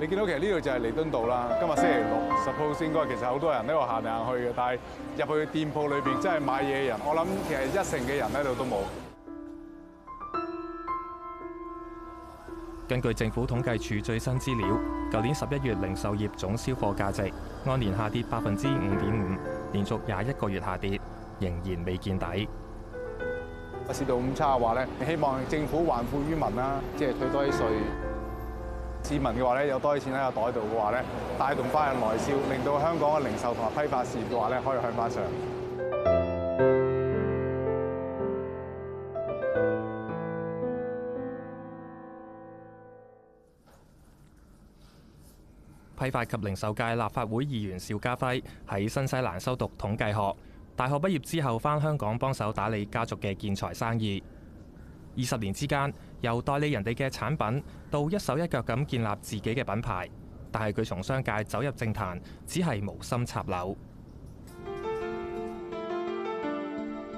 你見到其實呢度就係彌敦道啦。今日星期六，十號線應該其實好多人喺度行嚟行去嘅。但係入去店鋪裏邊，真係買嘢嘅人，我諗其實一成嘅人喺度都冇。根據政府統計處最新資料，舊年十一月零售業總銷貨價值按年下跌百分之五點五，連續廿一個月下跌，仍然未見底。個市道咁差嘅話咧，希望政府還富於民啦，即係退多啲稅。市民嘅話咧，有多啲錢喺個袋度嘅話咧，帶動翻嘅內銷，令到香港嘅零售同埋批發事業嘅話咧，可以向翻上。批發及零售界立法會議員邵家輝喺新西蘭修讀統計學，大學畢業之後返香港幫手打理家族嘅建材生意，二十年之間。由代理人哋嘅產品到一手一腳咁建立自己嘅品牌，但係佢從商界走入政壇，只係無心插柳。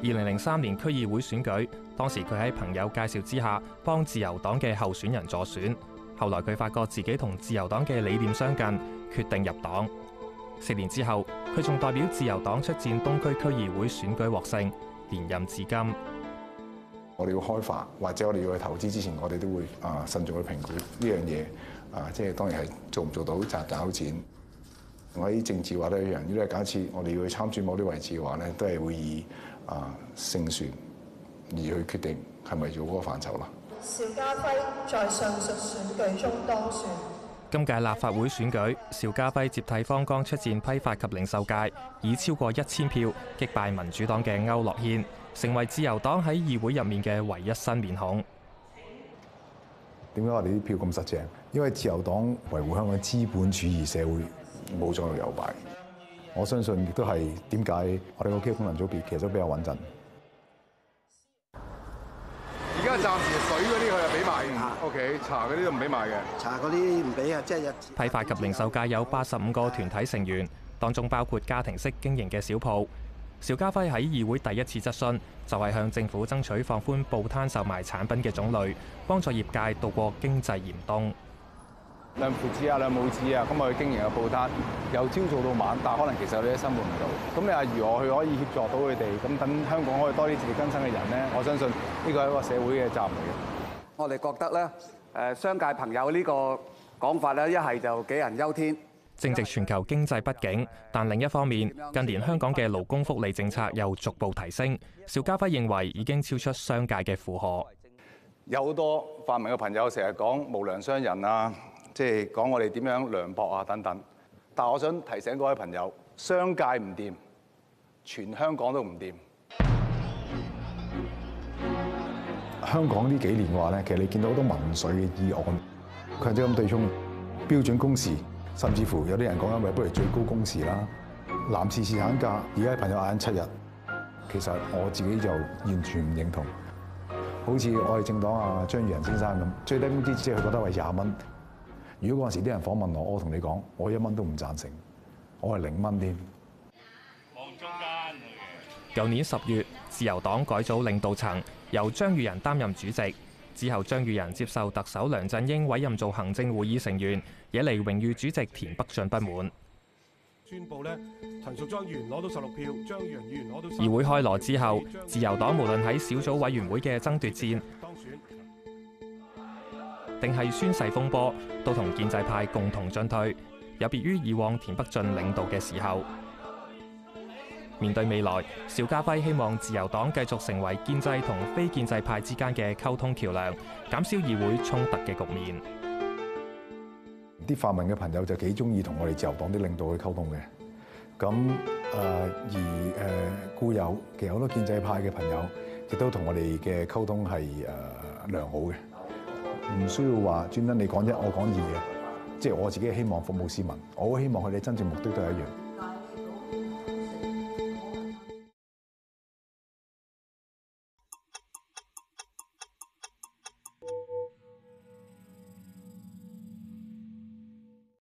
二零零三年區議會選舉，當時佢喺朋友介紹之下幫自由黨嘅候選人助選，後來佢發覺自己同自由黨嘅理念相近，決定入黨。四年之後，佢仲代表自由黨出戰東區區議會選舉獲勝，連任至今。我哋要開發，或者我哋要去投資之前，我哋都會啊慎重去評估呢樣嘢啊，即係當然係做唔做到賺賺好錢。我同啲政治話都一樣，如果係假設我哋要去參選某啲位置嘅話咧，都係會以啊勝算而去決定係咪做嗰個範疇啦。邵家輝在上述選舉中當選。今屆立法會選舉，邵家輝接替方剛出戰批發及零售界，以超過一千票擊敗民主黨嘅區諾軒。成為自由黨喺議會入面嘅唯一新面孔。點解我哋啲票咁實淨？因為自由黨維護香港資本主義社會，冇左右派。我相信亦都係點解我哋個功能組別其實都比較穩陣。而家暫時水嗰啲佢又俾埋。O K，茶嗰啲都唔俾賣嘅，茶嗰啲唔俾嘅，即係日。批發及零售界有八十五個團體成員，當中包括家庭式經營嘅小鋪。邵家輝喺議會第一次質詢，就係向政府爭取放寬報攤售賣產品嘅種類，幫助業界度過經濟嚴冬。兩父子啊，兩母子啊，咁我去經營個報攤，由朝做到晚，但可能其實我哋都生活唔到。咁你話如何去可以協助到佢哋，咁等香港可以多啲自力更生嘅人咧，我相信呢個係一個社會嘅責任。我哋覺得咧，誒商界朋友呢個講法咧，一係就杞人憂天。正值全球經濟不景，但另一方面，近年香港嘅勞工福利政策又逐步提升。邵家輝認為已經超出商界嘅負荷。有好多泛民嘅朋友成日講無良商人啊，即係講我哋點樣涼薄啊等等。但我想提醒各位朋友，商界唔掂，全香港都唔掂。香港呢幾年嘅話咧，其實你見到好多民粹嘅議案，佢係即係咁對沖、標準工時。甚至乎有啲人講緊，喂，不如最高工時啦，男士侍產假，而家朋友嗌緊七日，其實我自己就完全唔認同。好似我哋政黨啊，張宇人先生咁，最低工資即係佢覺得係廿蚊。如果嗰陣時啲人訪問我，我同你講，我一蚊都唔贊成，我係零蚊添。往中間嚟嘅。舊年十月，自由黨改組領導層，由張宇人擔任主席。之後，張宇人接受特首梁振英委任做行政會議成員，惹嚟榮譽主席田北俊不滿。宣布咧，陳淑莊議員攞到十六票，張宇人議員攞到。議會開鑼之後，自由黨無論喺小組委員會嘅爭奪戰，定係宣誓風波，都同建制派共同進退，有別於以往田北俊領導嘅時候。面對未來，邵家輝希望自由黨繼續成為建制同非建制派之間嘅溝通橋梁，減少議會衝突嘅局面。啲泛民嘅朋友就幾中意同我哋自由黨啲領導去溝通嘅。咁誒而誒故有其實好多建制派嘅朋友亦都同我哋嘅溝通係誒良好嘅，唔需要話專登你講一，我講二嘅。即係我自己希望服務市民，我好希望佢哋真正目的都係一樣。